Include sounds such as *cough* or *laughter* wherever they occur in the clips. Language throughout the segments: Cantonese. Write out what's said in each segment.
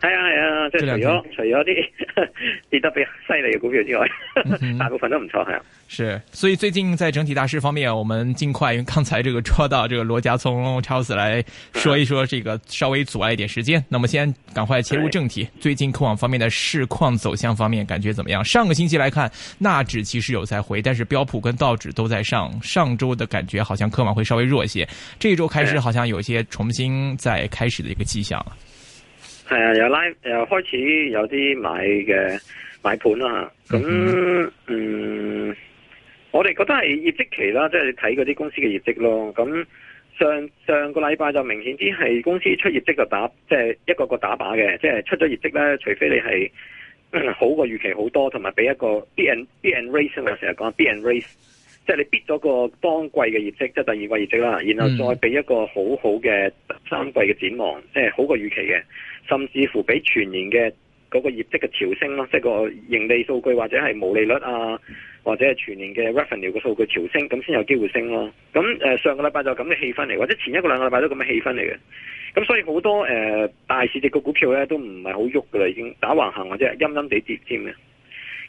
係啊係啊，即係除咗除咗啲跌得比較犀利嘅股票之外，嗯、哼大部分都唔錯係啊。是，所以最近在整體大勢方面，我們盡快，因為剛才這個捉到這個羅家聰超子來說一說，這個稍微阻礙一點時間。啊、那麼先趕快切入正題，哎、最近科網方面的市況走向方面感覺怎麼樣？上個星期來看，納指其實有在回，但是標普跟道指都在上。上周的感覺好像科網會稍微弱一些，這一周開始好像有一些重新再開始的一個跡象，哎啊係啊，又拉又開始有啲買嘅買盤啦。咁嗯，嗯，嗯，我哋覺得係業績期啦，即係睇嗰啲公司嘅業績咯。咁上上個禮拜就明顯啲係公司出業績就打，即、就、係、是、一個一個打靶嘅，即、就、係、是、出咗業績咧。除非你係好過預期好多，同埋俾一個 B N B N race，我成日講 B N race，即係你 b i 咗個當季嘅業績，即、就、係、是、第二季業績啦，然後再俾一個好好嘅三季嘅展望，即係、嗯、好過預期嘅。甚至乎比全年嘅嗰個業績嘅調升咯，即係個盈利數據或者係毛利率啊，或者係全年嘅 Revenue 嘅數據調升，咁先有機會升咯。咁、呃、上個禮拜就咁嘅氣氛嚟，或者前一個兩個禮拜都咁嘅氣氛嚟嘅。咁所以好多誒、呃、大市值嘅股票咧都唔係好喐㗎啦，已經打橫行或者陰陰地跌添嘅。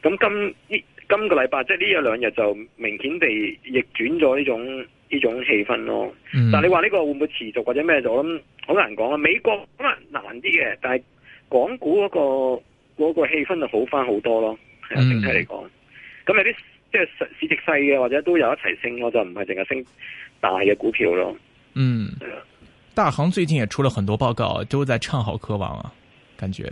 咁今呢今個禮拜即係呢一兩日就明顯地逆轉咗呢種呢種氣氛咯，嗯、但係你話呢個會唔會持續或者咩就？咁好難講啊！美國可能難啲嘅，但係港股嗰、嗰個氣氛就好翻好多咯，係啊，整體嚟講。咁有啲即係市值細嘅，或者都有一齊升，我就唔係淨係升大嘅股票咯。嗯，大行最近也出了很多報告，都在唱好科網啊，感覺。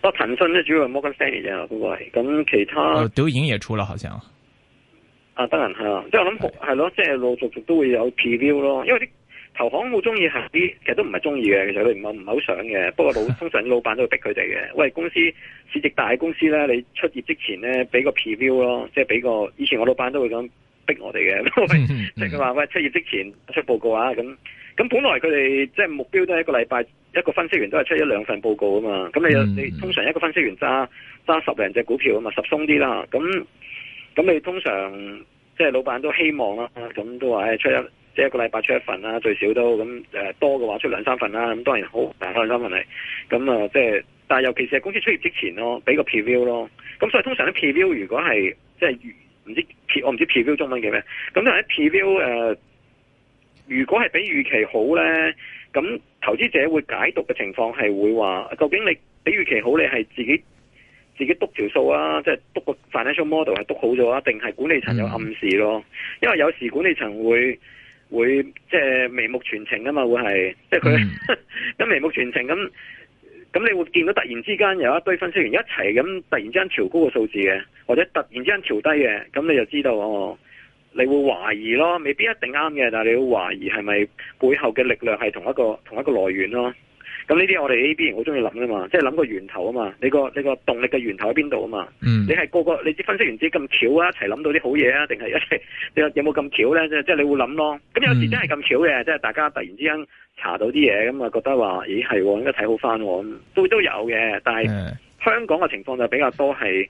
不過騰訊咧主要係摩根士丹利啫，都咁其他。哦、德銀也出了好像。啊，當然嚇，即、啊、係、即係、我諗係咯，即係陸續續都會有 preview 咯，因為啲投行好中意行啲，其實都唔係中意嘅，其實佢唔係唔係好想嘅。不過老通常啲老闆都會逼佢哋嘅，喂公司市值大公司咧，你出業之前咧俾個 preview 咯，即係俾個以前我老闆都會咁逼我哋嘅，即係佢話喂出業之前出報告啊，咁咁本來佢哋即係目標都係一個禮拜一個分析員都係出一兩份報告啊嘛，咁你你，你通常一個分析員揸揸十零隻股票啊嘛，十鬆啲啦，咁。咁你通常即係老闆都希望啦，咁、嗯、都話誒出一即係一個禮拜出一份啦，最少都咁誒、嗯、多嘅話出兩三份啦。咁當然好，大係兩三份問咁啊即係，但係尤其是喺公司出業之前咯，俾個 preview 咯、嗯。咁所以通常咧 preview 如果係即係唔知 p 我唔知 preview 中文叫咩，咁但係 preview、呃、如果係比預期好咧，咁投資者會解讀嘅情況係會話，究竟你比預期好你係自己？自己篤條數啊，即係篤個 financial model 係篤好咗啊，定係管理層有暗示咯？嗯、因為有時管理層會會即係眉目傳情啊嘛，會係即係佢咁眉目傳情咁，咁你會見到突然之間有一堆分析員一齊咁突然之間調高個數字嘅，或者突然之間調低嘅，咁你就知道哦，你會懷疑咯，未必一定啱嘅，但你會懷疑係咪背後嘅力量係同一個同一個來源咯。咁呢啲我哋 A B 好中意諗噶嘛，即係諗個源頭啊嘛，你個你個動力嘅源頭喺邊度啊嘛？嗯、你係個個你啲分析完自己咁巧啊，一齊諗到啲好嘢啊，定係一齊有有冇咁巧咧？即係即你會諗咯。咁有時真係咁巧嘅，即係大家突然之間查到啲嘢，咁啊覺得話，咦係，應該睇好翻喎，都都有嘅。但係香港嘅情況就比較多係，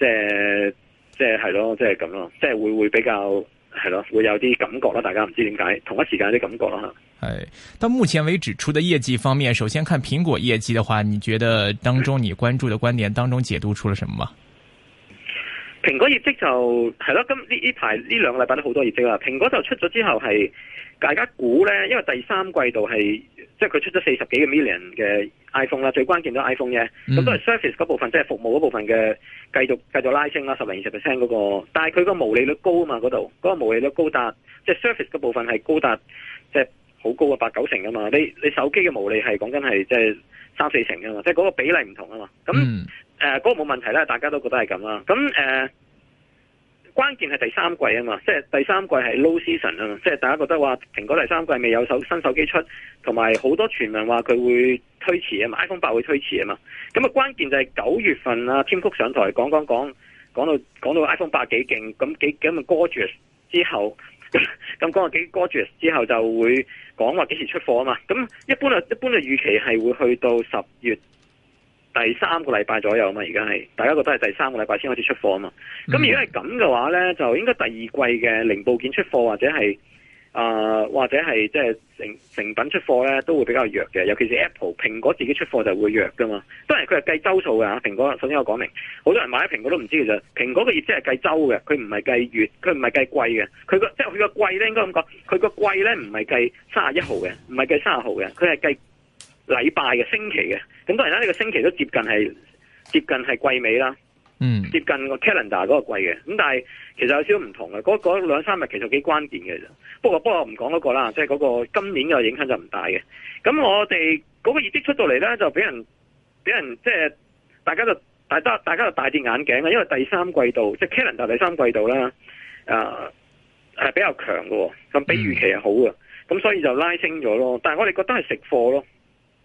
即係即係係咯，即係咁咯，即係會會比較。係咯，會有啲感覺咯，大家唔知點解，同一時間有啲感覺咯。到目前為止出的業績方面，首先看蘋果業績的話，你覺得當中你關注的觀點當中解讀出了什麼嗎？蘋果業績就係咯，咁呢呢排呢兩個禮拜都好多業績啦。蘋果就出咗之後係，大家估咧，因為第三季度係即係佢出咗四十幾個 million 嘅 iPhone 啦，最關鍵都係 iPhone 嘅，咁、嗯、都係 Service 嗰部分，即係服務嗰部分嘅繼續繼續拉升啦，十零二十 percent 嗰個。但係佢個毛利率高啊嘛，嗰度嗰個毛利率高達即係 Service 嗰部分係高達即係好高嘅八九成噶嘛。你你手機嘅毛利率係講緊係即係三四成噶嘛，即係嗰個比例唔同啊嘛。咁誒嗰、呃那個冇問題啦，大家都覺得係咁啦。咁誒、呃、關鍵係第三季啊嘛，即係第三季係 low season 啊嘛，即係大家覺得話蘋果第三季未有手新手機出，同埋好多傳聞話佢會推遲啊嘛，iPhone 八會推遲啊嘛。咁啊關鍵就係九月份啊，Tim Cook 上台講講講，講到講到 iPhone 八幾勁，咁幾咁 gorgeous 之後，咁講話幾 gorgeous 之後就會講話幾時出貨啊嘛。咁一般啊，一般嘅預期係會去到十月。第三個禮拜左右啊嘛，而家係大家覺得係第三個禮拜先開始出貨啊嘛。咁如果係咁嘅話呢，就應該第二季嘅零部件出貨或者係啊、呃、或者係即係成成品出貨呢，都會比較弱嘅。尤其是 Apple 蘋果自己出貨就會弱噶嘛。當然佢係計周數㗎。蘋果首先我講明，好多人買咗蘋果都唔知其實蘋果嘅業績係計周嘅，佢唔係計月，佢唔係計季嘅。佢個即係佢個季呢，應該咁講，佢個季呢唔係計三十一號嘅，唔係計三十號嘅，佢係計。禮拜嘅星期嘅，咁當然啦，呢個星期都接近係接近係季尾啦，嗯，接近個 calendar 嗰個季嘅，咁但係其實有少少唔同嘅，嗰嗰兩三日其實幾關鍵嘅啫。不過不過唔講嗰個啦，即係嗰個今年嘅影響就唔大嘅。咁我哋嗰個業績出到嚟咧，就俾人俾人即係大家就大家大,大家就大跌眼鏡啦，因為第三季度即係、就是、calendar 第三季度咧，誒、呃、係比較強喎，咁比預期係好嘅，咁所以就拉升咗咯。但係我哋覺得係食貨咯。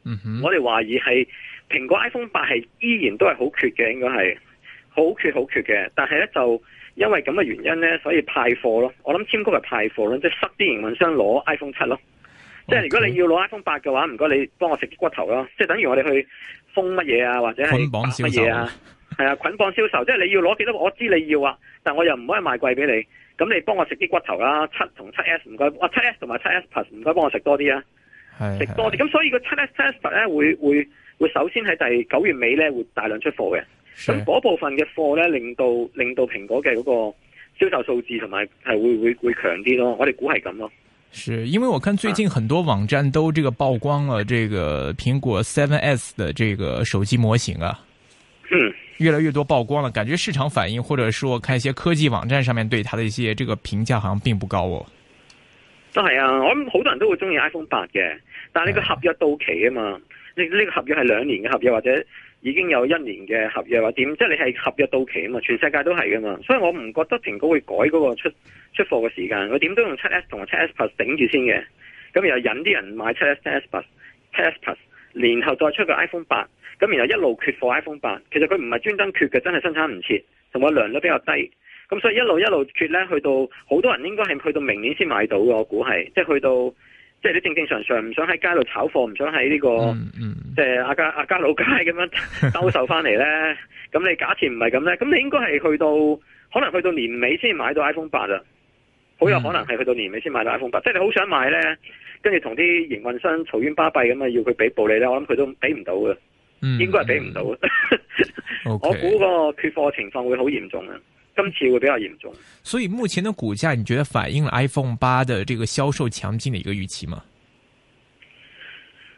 嗯、mm hmm。我哋懷疑係蘋果 iPhone 八係依然都係好缺嘅，應該係好缺好缺嘅。但係咧就因為咁嘅原因咧，所以派貨咯。我諗簽谷係派貨咯，即係塞啲營運商攞 iPhone 七咯。即係如果你要攞 iPhone 八嘅話，唔該你幫我食啲骨頭咯。即係等於我哋去封乜嘢啊，或者係乜嘢啊？係啊，捆綁銷售。 *laughs* 即係你要攞幾多？我知你要啊，但係我又唔可以賣貴俾你。咁你幫我食啲骨頭啦。七同七 S 唔該，七 S 同埋七 S Plus 唔該幫我食多啲啊！食多啲，咁所以個七 S, 7 S、七十咧會會會首先喺第九月尾咧會大量出貨嘅，咁嗰的部分嘅貨咧令到令到蘋果嘅嗰個銷售數字同埋係會會會強啲咯，我哋估係咁咯。是因為我看最近很多網站都這個曝光了這個蘋果 Seven S 的這個手機模型啊，嗯，越來越多曝光了，感覺市場反應或者說看一些科技網站上面對它的一些這個評價，好像並不高哦。都係啊，我諗好多人都會中意 iPhone 八嘅。但係呢個合約到期啊嘛，呢、呢、呢個合約係兩年嘅合約，或者已經有一年嘅合約，或者點，即係你係合約到期啊嘛，全世界都係啊嘛，所以我唔覺得蘋果會改嗰個出出貨嘅時間，佢點都用七 S 同埋七 S Plus 頂住先嘅，咁然後引啲人買七 S、S、七 S Plus、七 S Plus，然後再出個 iPhone 八，咁然後一路缺貨 iPhone 八，其實佢唔係專登缺嘅，真係生產唔切，同埋量都比較低，咁所以一路一路缺咧，去到好多人應該係去到明年先買到嘅，我估係，即係去到。即係你正正常常唔想喺街度炒貨，唔想喺呢個、嗯嗯、即係阿家阿家老街咁樣兜售翻嚟咧。咁 *laughs* 你假設唔係咁咧，咁你應該係去到可能去到年尾先買到 iPhone 八啊。好有可能係去到年尾先買到 iPhone 八、嗯。即係你好想買咧，跟住同啲營運商嘈冤巴閉咁啊，要佢俾暴利咧，我諗佢都俾唔到嘅，嗯、應該係俾唔到嘅。我估個缺貨情況會好嚴重啊！今次會比較嚴重，所以目前的股價你覺得反映 iPhone 8的這個銷售強勁的一個預期嗎？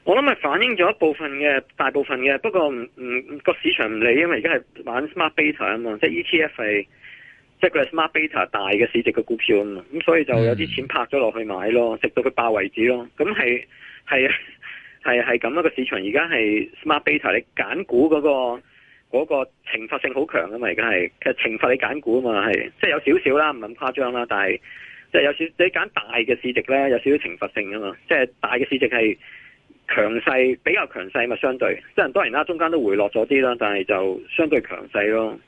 我諗係反映咗一部分嘅，大部分嘅，不過唔唔、嗯，這個市場唔理，因為而家係玩 smart beta 啊嘛，即係 ETF 係即係、就、佢、是、係 smart beta 大嘅市值嘅股票啊嘛，咁、嗯、所以就有啲錢拍咗落去買咯，直到佢爆為止咯，咁係係係係咁一個市場，而家係 smart beta 你揀股嗰、那個。嗰個懲罰性好強啊嘛，而家係其實懲罰你揀股啊嘛，係即係有少少啦，唔係咁誇張啦，但係即係有少你揀大嘅市值咧，有少少懲罰性啊嘛，即係大嘅市值係強勢比較強勢啊嘛，相對即係當然啦，中間都回落咗啲啦，但係就相對強勢咯。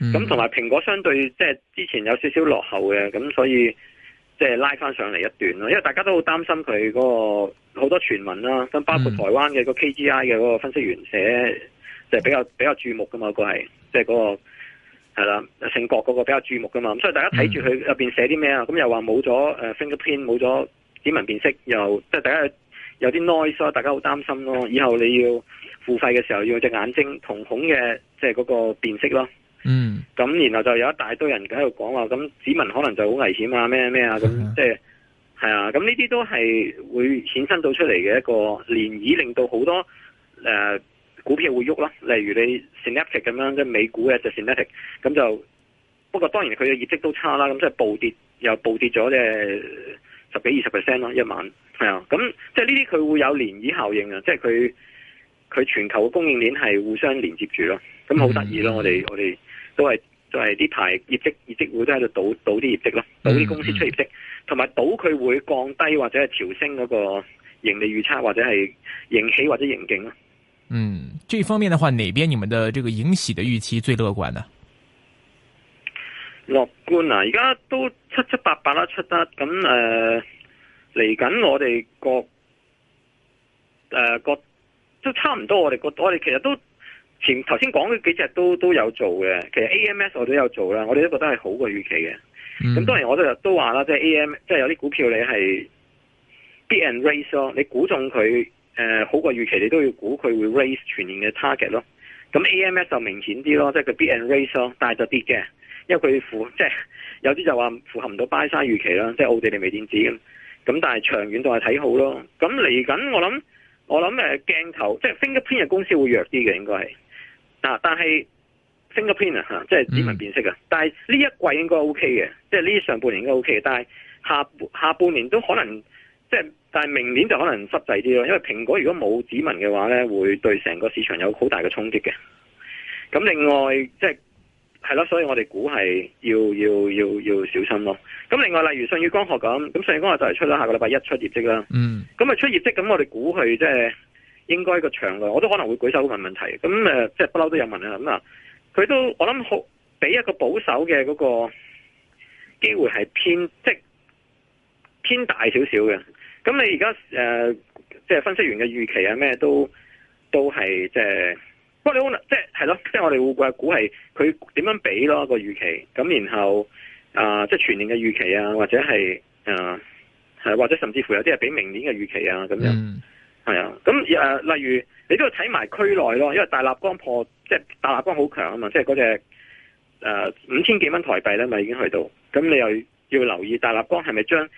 咁同埋蘋果相對即係之前有少少落後嘅，咁所以即係拉翻上嚟一段咯，因為大家都好擔心佢嗰個好多傳聞啦，咁包括台灣嘅個 KGI 嘅嗰個分析員寫。就係比較比較注目噶嘛，嗰個係即係嗰個係啦，成國嗰個比較注目噶嘛。咁所以大家睇住佢入邊寫啲咩啊？咁、嗯、又話冇咗誒 fingerprint，冇咗指紋辨識，又即係、就是、大家有啲 noise，所以大家好擔心咯。以後你要付費嘅時候，要隻眼睛瞳孔嘅即係嗰個辨識咯。嗯。咁然後就有一大堆人喺度講話，咁指紋可能就好危險啊！咩咩啊咁，即係係啊。咁呢啲都係會衍生到出嚟嘅一個漣漪，令到好多誒，呃股票會喐啦，例如你 Snapchat 咁樣，即係美股嘅就是 Snapchat 咁，就不過當然佢嘅業績都差啦，咁即係暴跌又暴跌咗即係十幾二十 percent 咯，一晚係啊，咁即係呢啲佢會有漣漪效應啊，即係佢佢全球嘅供應鏈係互相連接住咯，咁好得意咯。mm hmm.，我哋我哋都係都係呢排業績業績會都喺度賭賭啲業績咯，賭啲公司出業績，同埋賭佢會降低或者係調升嗰個盈利預測或者係盈喜或者盈景咯。嗯，這方面的話，哪邊你們的這個盈喜的預期最樂觀呢？樂觀啊，而家都七七八八啦，出得咁誒，嚟、嗯、緊、呃、我哋個誒個都差唔多我個，我哋個我哋其實都前頭先講嗰幾隻都都有做嘅，其實 AMS 我都有做啦，我哋都覺得係好過預期嘅。咁、嗯嗯、當然我都都話啦，即係 AM 即係有啲股票你係 beat and raise 咯，你估中佢。誒、呃、好過預期，你都要估佢會 raise 全年嘅 target 咯。咁 AMS 就明顯啲咯，即係佢 beat and raise 咯，但係就跌嘅，因為佢符即係有啲就話符合唔到拜山預期啦，即係奧地利微電子咁。咁但係長遠都係睇好咯。咁嚟緊我諗我諗鏡頭，即係 fingerprint 嘅公司會弱啲嘅應該係，但係 fingerprint 吓，即係指紋辨識嘅。但係呢、啊嗯、一季應該 OK 嘅，即係呢上半年應該 OK，但係下下半年都可能即但係明年就可能濕滯啲咯，因為蘋果如果冇指紋嘅話咧，會對成個市場有好大嘅衝擊嘅。咁另外，即係係咯，所以我哋估係要要要要小心咯。咁另外，例如信宇光學咁，咁信宇光學就係出咗下個禮拜一出業績啦。嗯。咁啊，出業績，咁我哋估佢即係應該個場內，我都可能會舉手問問題。咁誒，即係不嬲都有問啦。咁啊，佢都我諗好，俾一個保守嘅嗰個機會係偏即係偏大少少嘅。咁你而家誒，即、呃、係、就是、分析員嘅預期啊咩都都係即係，不過你好即係係咯，即、就、係、是就是、我哋會估係佢點樣俾咯個預期，咁然後啊，即、呃、係、就是、全年嘅預期啊，或者係啊、呃，或者甚至乎有啲係俾明年嘅預期啊咁樣，係、嗯、啊。咁、呃、例如你都要睇埋區內咯，因為大立光破即係、就是、大立光好強啊嘛，即係嗰隻五千幾蚊台幣咧咪已經去到，咁你又要留意大立光係咪將？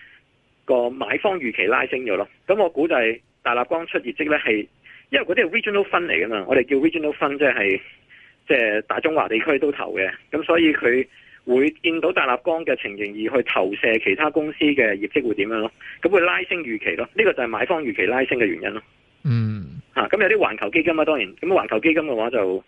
個買方預期拉升咗咯，咁我估計係大立光出業績呢，係，因為嗰啲係 Regional Fund 嚟噶嘛，我哋叫 Regional Fund 即係即係大中華地區都投嘅，咁所以佢會見到大立光嘅情形而去投射其他公司嘅業績會點樣咯，咁會拉升預期咯，呢、這個就係買方預期拉升嘅原因咯。嗯、吓、啊，咁有啲環球基金啊，當然，咁環球基金嘅話就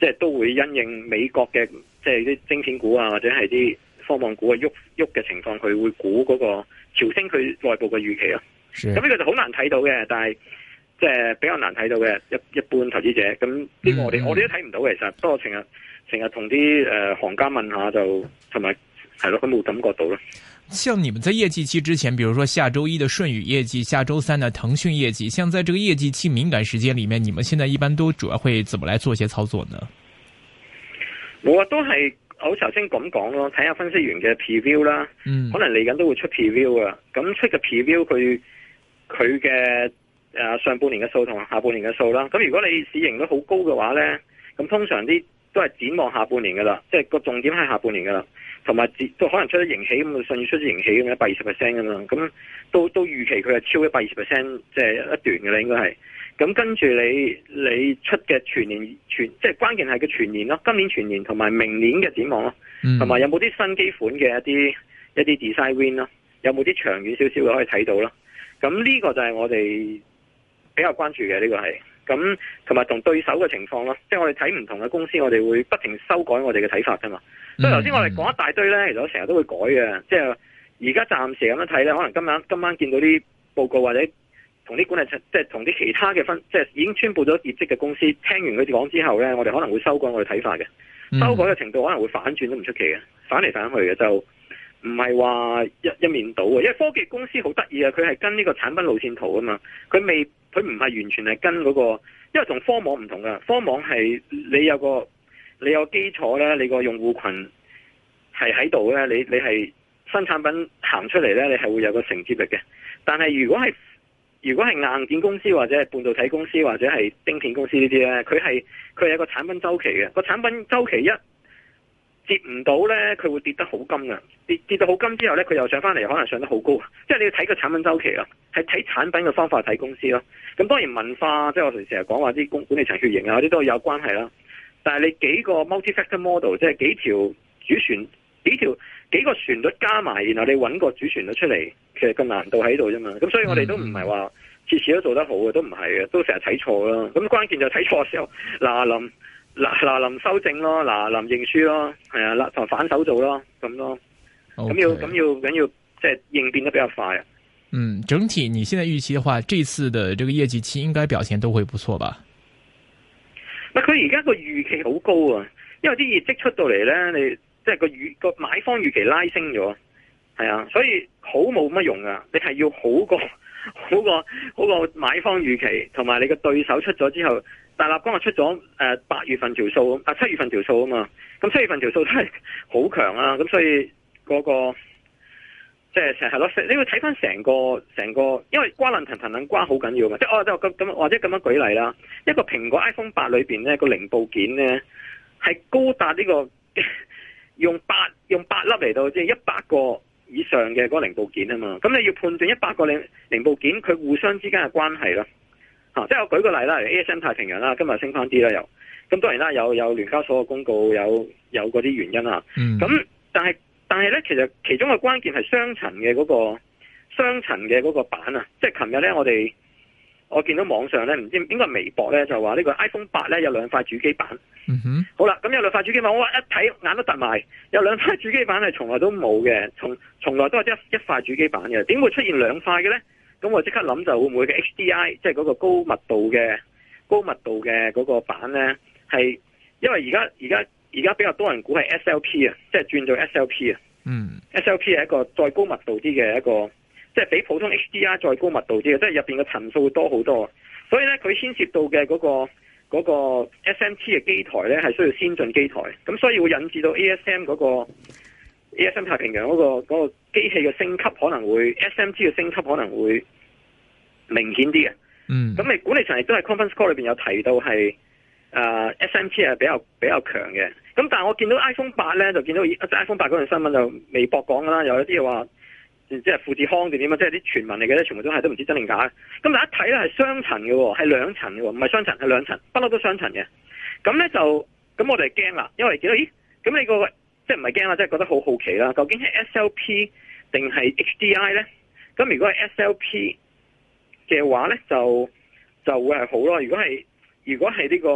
即係都會因應美國嘅即係啲晶片股啊或者係啲科網股啊喐喐嘅情況，佢會估嗰、那個。調升佢內部嘅預期啊，咁呢是個就好難睇到嘅，但係即係比較難睇到嘅一一般投資者，咁呢個我哋、嗯、我哋都睇唔到嘅，其實不過成日成日同啲誒，行家問下就同埋係咯，佢冇感覺到咯。像你們在業績期之前，比如說下周一嘅順宇業績，下周三嘅騰訊業績，像在這個業績期敏感時間裏面，你們現在一般都主要會怎麼來做些操作呢？我啊，都係。我頭先咁講咯，睇下分析員嘅 preview 啦、嗯，可能嚟緊都會出 preview 啊。咁出嘅 preview 佢佢嘅、誒、呃、上半年嘅數同下半年嘅數啦。咁如果你市盈率好高嘅話咧，咁通常啲都係展望下半年噶啦，即係個重點係下半年噶啦。同埋都可能出咗盈起咁，甚至出咗盈起咁一百二十 percent 噶嘛。咁都都預期佢係超一百二十 percent，即係一段嘅啦，應該係。咁跟住你，你出嘅全年全即係關鍵係嘅全年咯，今年全年同埋明年嘅展望咯，同埋有冇啲新機款嘅一啲一啲 design win 咯，有冇啲長遠少少嘅可以睇到咯？咁呢個就係我哋比較關注嘅呢個係，咁同埋同對手嘅情況咯，即係我哋睇唔同嘅公司，我哋會不停修改我哋嘅睇法噶嘛。所以頭先我哋講一大堆咧，其實我成日都會改嘅。即係而家暫時咁樣睇咧，可能今晚今晚見到啲報告或者。同啲管理層即係同啲其他嘅分，即係已經宣布咗業績嘅公司，聽完佢哋講之後咧，我哋可能會修改我哋睇法嘅，修改嘅程度可能會反轉都唔出奇嘅，反嚟反去嘅就唔係話一一面倒嘅，因為科技公司好得意啊，佢係跟呢個產品路線圖啊嘛，佢未佢唔係完全係跟嗰個，因為同科網唔同㗎。科網係你有個你有個基礎咧，你個用戶群係喺度咧，你你係新產品行出嚟咧，你係會有個承接力嘅，但係如果係如果係硬件公司或者係半導體公司或者係芯片公司呢啲呢，佢係佢係一個產品周期嘅，個產品周期一跌唔到呢，佢會跌得好金嘅，跌跌到好金之後呢，佢又上翻嚟，可能上得好高，即係你要睇個產品周期啦，係睇產品嘅方法睇公司咯。咁當然文化即係我哋成日講話啲公管理層血型啊，啲都有關係啦。但係你幾個 multifactor model 即係幾條主船幾條。幾個旋律加埋，然後你揾個主旋律出嚟，其實個難度喺度啫嘛。咁所以我哋都唔係話次次都做得好嘅，都唔係嘅，都成日睇錯咯。咁關鍵就睇錯嘅時候，嗱臨，嗱嗱臨修正咯，嗱臨認輸咯，係啊，嗱同反手做咯，咁咯。咁要咁要咁要即係應變得比較快啊。嗯，整體你現在預期嘅話，這次嘅這個業績期應該表現都會不錯吧？佢而家個預期好高啊，因為啲業績出到嚟呢。你。即係個買方預期拉升咗，係啊，所以好冇乜用噶。你係要好過好過好過買方預期，同埋你嘅對手出咗之後，大立光又出咗誒，八月份條數啊，呃、七月份條數啊嘛。咁七月份條數都係好強啊。咁所以嗰、嗰個即係成日係咯，你要睇翻成個成個，因為瓜輪騰騰等瓜好緊要嘛。即係我就咁或者咁樣舉例啦。一個蘋果 iPhone 八裏面咧個零部件咧係高達呢、呢個。 *laughs* 用八用八粒嚟到，即係一百個以上嘅嗰個零部件啊嘛，咁你要判斷一百個零零部件佢互相之間嘅關係咯，吓、啊，即係我舉個例啦，A S M 太平洋啦，今日升翻啲啦又，咁當然啦，有有聯交所嘅公告，有有嗰啲原因啦咁、嗯、但係但係咧，其實其中嘅關鍵係雙層嘅嗰個雙層嘅嗰個板啊，即係琴日咧我哋。我見到網上咧，唔知應該微博咧，就話呢個 iPhone 八咧有兩塊主機板。嗯哼。好啦，咁有兩塊主機板，我一睇眼都突埋。有兩塊主機板係從來都冇嘅，從從來都係一一塊主機板嘅，點會出現兩塊嘅咧？咁我即刻諗就會唔會嘅。HDI 即係嗰個高密度嘅高密度嘅嗰個板咧，係因為而家而家而家比較多人估係 SLP 啊，即係轉做 SLP 啊。嗯。SLP 係一個再高密度啲嘅一個。即係比普通 HDR 再高密度啲嘅，即係入邊嘅層數會多好多。所以咧，佢牽涉到嘅嗰個嗰個 SMT 嘅機台咧，係需要先進機台。咁所以會引致到 ASM 嗰個 ASM 太平洋嗰個嗰個機器嘅升級可能會 SMT 嘅升級可能會明顯啲嘅。嗯。咁你管理層亦都係 Conference Call 裏邊有提到係、呃、SMT 係比較比較強嘅。咁但係我見到 iPhone 八咧就見到即係 iPhone 八嗰段新聞就微博講㗎啦，有一啲又話。即係富士康點樣啊！即係啲傳聞嚟嘅咧，全部都係都唔知真定假嘅。咁但係一睇咧係雙層嘅，係兩層嘅，唔係雙層係兩層，不嬲都是雙層嘅。咁咧就咁我哋驚啦，因為見到咦，咁你、嗰個即係唔係驚啦？即係覺得好好奇啦，究竟係 S L P 定係 H D I 咧？咁如果係 S L P 嘅話咧，就就會係好咯。如果係如果係呢個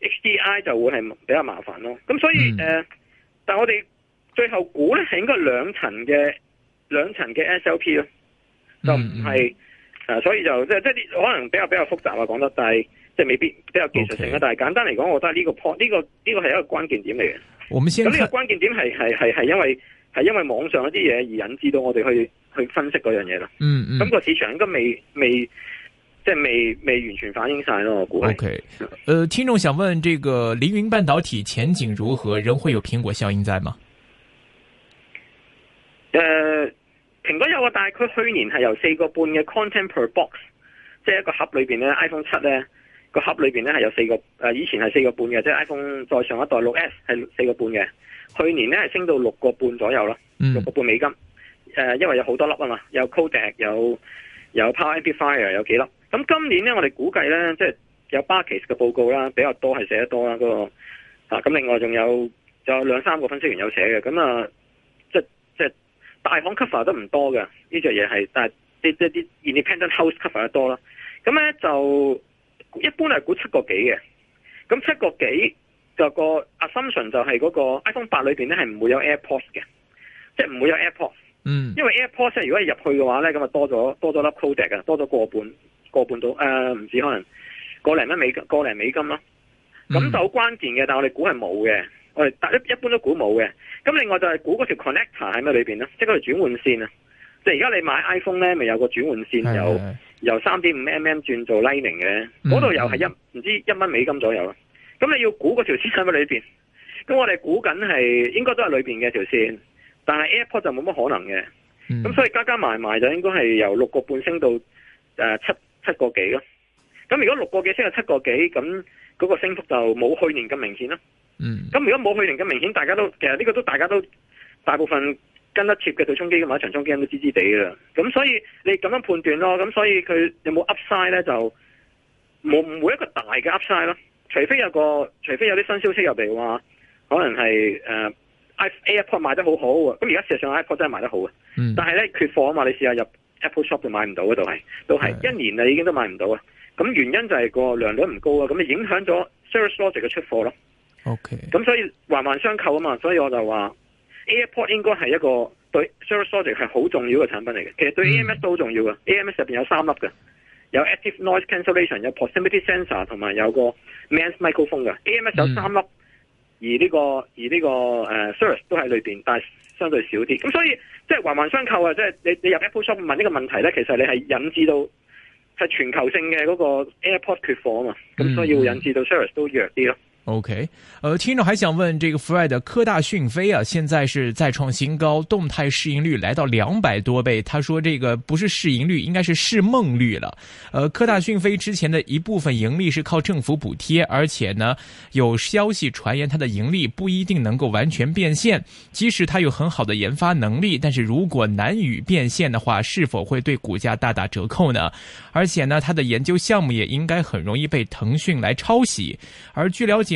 H D I 就會係比較麻煩咯。咁所以誒、嗯呃，但係我哋最後估咧係應該兩層嘅。兩層嘅 S L P 咯，就唔係誒，所以就即係即係可能比較比較複雜啊，講得，但係即係未必比較技術性啊。Okay，但係簡單嚟講，我覺得呢、呢個 point 呢個呢、呢個係一個關鍵點嚟嘅。咁呢個關鍵點係係係係因為係因為網上一啲嘢而引致到我哋去去分析嗰樣嘢咯、嗯。嗯嗯。咁個市場應該未未即係未未，未完全反映晒咯，我估。O K，誒，聽眾想問：呢個凌雲半導體前景如何？仍會有蘋果效應在嗎？誒、uh, 蘋果有啊，但係，佢去年係由四個半嘅 content per box，即係一個盒裏面咧 iPhone 七咧個盒裏面咧係有四個誒，以前係四個半嘅，即係 iPhone 再上一代六 S 係四個半嘅，去年咧升到六個半左右啦、mm. 六個半美金。呃、因為有好多粒啊嘛，有 codec 有有 power amplifier，有幾粒。咁今年咧，我哋估計咧，即係有 Barclays 嘅報告啦，比較多係寫得多啦嗰、那個啊。咁另外仲有仲有兩三個分析員有寫嘅，咁、那、啊、個。大 e cover 得唔多嘅呢隻嘢係，但係啲啲啲 independent house cover 得多啦。咁咧就一般係估七個幾嘅。咁七個幾就個 assumption 就係嗰個 iPhone 八裏面咧係唔會有 AirPod s 嘅，即係唔會有 AirPod。嗯，因為 AirPod s 係如果係入去嘅話咧，咁啊多咗多咗粒 code 㗎，多咗個 code，多過半個半到誒，唔、呃、止可能個零蚊美個零美金囉。咁就好關鍵嘅，但我哋估係冇嘅。我哋一一般都估冇嘅，咁另外就係估嗰條 connector 喺咩裏面咧？即係嗰條轉換線啊！即係而家你買 iPhone 咧，咪有個轉換線是的 由由三點五 mm 轉做 Lightning 嘅，嗰度又係一唔知一蚊美金左右咯。咁你要估嗰條線喺咩裏面，咁我哋估緊係應該都係裏面嘅條線，但係 AirPod 就冇乜可能嘅。咁、嗯、所以加加埋埋就應該係由六個半升到七七個幾咯。咁、呃、如果六個幾升到七個幾，咁嗰個升幅就冇去年咁明顯咯。咁、嗯、如果冇去年咁明顯，大家都其實呢個都大家都大部分跟得切嘅對衝基金或者長衝基金都知知地㗎啦。咁所以你咁樣判斷咯，咁所以佢有冇 Upside 咧？就冇冇一個大嘅 Upside 咯。除非有個，除非有啲新消息入嚟話，可能係誒 Apple 賣得好好。咁而家事實上 Apple 真係賣得好嘅，但係咧缺貨啊嘛。你試下入 Apple Shop 就買唔到嗰度係，都係是的 一年啊已經都買唔到啊。咁原因就係個量率唔高啊，咁你影響咗 Cirrus Logic 嘅出貨咯。O K. 咁所以環環相扣啊嘛，所以我就話 AirPod 應該係一個對 Cirrus Logic 嚟係好重要嘅產品嚟嘅。其實對 AMS、嗯、都重要嘅。AMS 入邊有三粒嘅，有 active noise cancellation，有 proximity sensor，同埋有個 mans microphone 嘅。AMS 有三粒、嗯這個，而呢個而呢個誒 Cirrus 都喺裏邊，但係相對少啲。咁、嗯、所以即係環環相扣啊！即係你你入 Apple shop 問呢個問題咧，其實你係引致到係全球性嘅嗰個 AirPod 缺貨啊嘛，咁所以會引致到 Cirrus 都弱啲咯。嗯 OK，呃，聽眾還想問這個 Fred 的科大訊飛啊，現在是再創新高，動態市盈率來到兩百多倍。他說這個不是市盈率，應該是市夢率了。呃，科大訊飛之前的一部分盈利是靠政府補貼，而且呢有消息傳言它的盈利不一定能夠完全變現。即使它有很好的研發能力，但是如果難以變現的話，是否會對股價大打折扣呢？而且呢，它的研究項目也應該很容易被騰訊來抄襲。而據了解。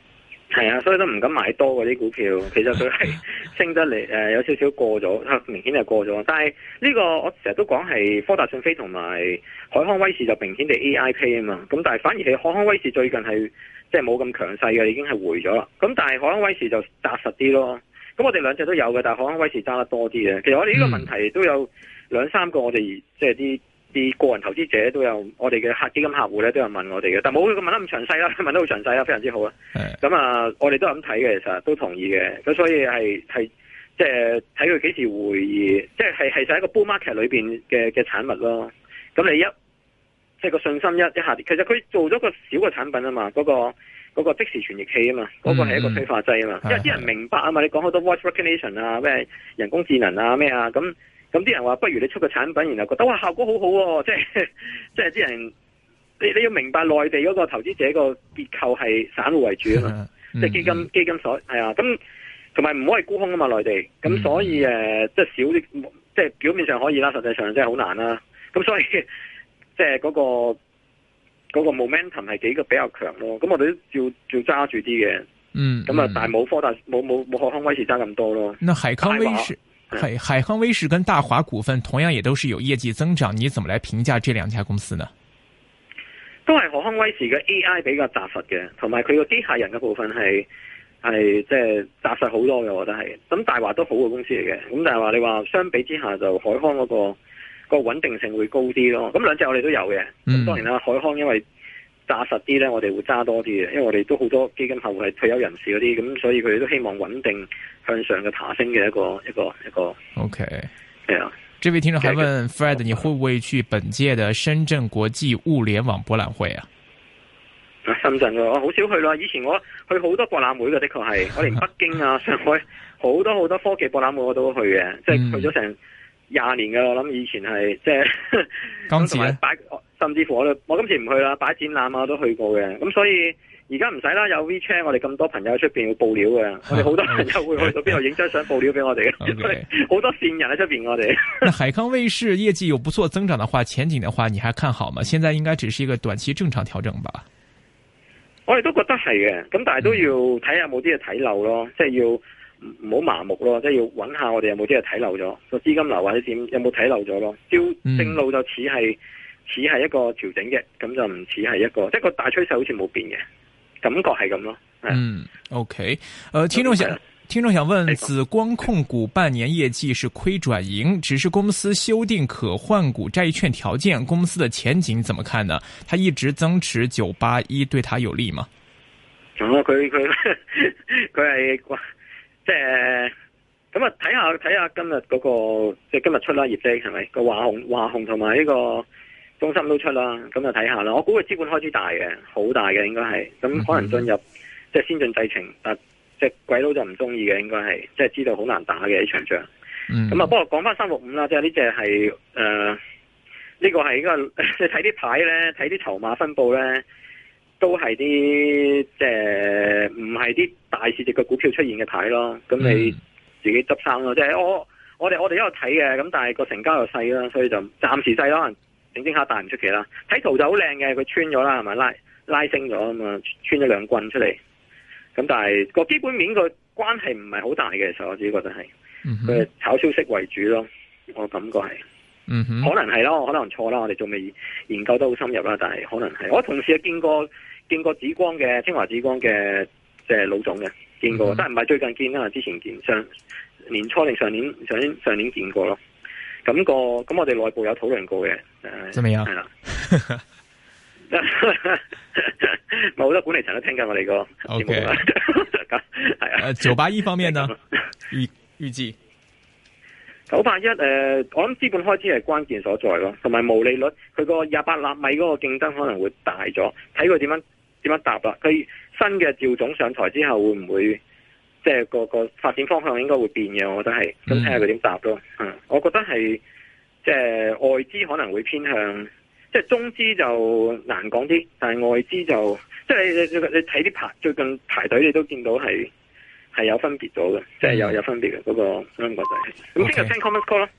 係啊，所以都唔敢買多嗰啲股票。其實佢係 *laughs* 升得嚟、呃，有少少過咗，明顯係過咗。但係呢個我成日都講係科大訊飛同埋海康威視就明顯地 A I P 啊嘛。咁但係反而係海康威視最近係即係冇咁強勢嘅，已經係回咗啦。咁但係海康威視就紮實啲咯。咁我哋兩隻都有嘅，但係海康威視揸得多啲嘅。其實我哋呢個問題都有兩三個我，我哋即係啲。啲個人投資者都有我哋嘅客基金客戶咧都有問我哋嘅。但冇佢問得咁詳細啦，問得好詳細啊，非常之好啊。咁是的、嗯、啊，我哋都係咁睇嘅，其實都同意嘅。咁所以係係即係睇佢幾時回議，即係係實一個 bull market 裏邊嘅嘅產物咯。咁你一即係、就是、個信心一一下跌其實佢做咗個小嘅產品啊嘛，嗰、那個那個即時傳熱器啊嘛，嗰、那個係一個催化劑啊嘛，嗯、因為啲人明白啊嘛，是的 你講好多 voice recognition 啊，咩人工智能啊咩啊咁。咁啲人話不如你出個產品，然後覺得哇效果好好，哦、喎！即係即係啲人，你你要明白內地嗰個投資者個結構係散戶為主啊嘛，啊嗯、即係基金基金所係啊。咁同埋唔可以沽空啊嘛內地。咁所以誒，即係少啲，即係表面上可以啦，實際上真係好難啦。咁所以即係、那、嗰個嗰、嗰個 momentum 係幾個比較強咯。咁我哋都要要揸住啲嘅。嗯。咁啊，但係冇科大冇冇冇海康威視揸咁多咯。海康威視係海康威視跟大華股份同樣也都是有業績增長，你怎麼來評價這兩家公司呢？都係海康威視嘅 AI 比較扎實嘅，同埋佢個機械人嘅部分係係即係扎實好多嘅，我覺得係。咁大華都好嘅公司嚟嘅，咁但係話你話相比之下就海康嗰，那個個穩定性會高啲咯。咁兩隻我哋都有嘅，咁、嗯、當然啦，海康因為。紮實啲咧，我哋會揸多啲嘅，因為我哋都好多基金客戶係退休人士嗰啲，咁所以佢哋都希望穩定向上嘅爬升嘅一個一個一個。一個一個 OK，係啊，這位聽眾還問 Fred，你會唔會去本屆的深圳國際物聯網博覽會啊？深圳啊，我好少去啦，以前我去好多博覽會嘅，的確係我連北京啊、 *laughs* 上海好多好多科技博覽會我都去嘅，即係去咗成廿年嘅，我諗以前係即係。咁同甚至乎我咧，我今次唔去啦。擺展覽啊，我都去過嘅。咁所以而家唔使啦。有 WeChat，我哋咁多朋友喺出邊要報料嘅。哈我哋好多朋友會去到邊度影張相報料俾我哋嘅。好 *laughs* 多線人喺出邊，我哋。Okay. *laughs* 海康威視業績有不錯增長嘅話，前景嘅話，你還看好嗎？現在應該只是一個短期正常調整吧？我哋都覺得係嘅，咁但係都要睇下冇啲嘢，睇漏咯，即係要唔好麻木咯，即係要揾下我哋有冇啲嘢睇漏咗個資金流或者點，有冇睇漏咗咯？朝正路就似係。似係一個調整嘅，咁就唔似係一個，即、就、係、是、個大趨勢好似冇變嘅，感覺係咁咯。嗯，OK，誒、呃，聽眾想，那聽眾想問，的紫光控股半年業績是虧轉盈，只是公司修訂可換股債券條件，公司的前景怎麼看呢？他一直增持九八一，對它有利嗎？仲有佢佢佢係即係咁啊！睇、呃嗯、下睇下今日嗰、那個，即係今日出啦業績係咪個華虹華虹同埋呢個？.中心都出啦，咁就睇下啦。我估佢資本開支大嘅，好大嘅應該係，咁可能進入、嗯嗯、即係先進製程，但只鬼佬就唔中意嘅，應該係，即係知道好難打嘅呢場仗。咁啊、嗯，不過講翻三六五啦，即係、呃這個、呢隻係誒，呢個係應該，你睇啲牌咧，睇啲籌碼分布咧，都係啲即係唔係啲大市值嘅股票出現嘅牌咯。咁你自己執生咯，嗯、即係我我哋我哋一路睇嘅，咁但係個成交又細啦，所以就暫時細可能。整整下大唔出奇啦，睇圖就好靚嘅，佢穿咗啦，係咪拉拉升咗咁，穿咗兩棍出嚟，咁但係個基本面佢關係唔係好大嘅，其實我自己覺得係，佢炒消息為主咯，我感覺係，嗯、哼可能係咯，可能錯啦，我哋仲未研究得好深入啦，但係可能係。我同事又見過見過紫光嘅，清華紫光嘅即係老總嘅，見過，嗯、哼但係唔係最近見啊，之前見上年初上年初定上年上年上年見過咯。咁、那個咁我哋內部有討論過嘅，真係，係咪啊？係啦， *laughs* *laughs* 好多管理層都聽緊我哋個節目，O K，係啊。九八一方面呢？預預 *laughs* 計九八一誒，我諗資本開支係關鍵所在咯，同埋毛利率，佢個廿八納米嗰個競爭可能會大咗，睇佢點樣點樣答啦。佢新嘅趙總上台之後會唔會？即係個個發展方向應該會變嘅，我覺得係，咁睇下佢點答咯。嗯，嗯，我覺得係即係外資可能會偏向，即係中資就難講啲，但係外資就即係你你你睇啲排最近排隊你都見到係係有分別咗嘅，即係有有分別嘅嗰個香港仔。咁聽日聽 Commerce call 咯。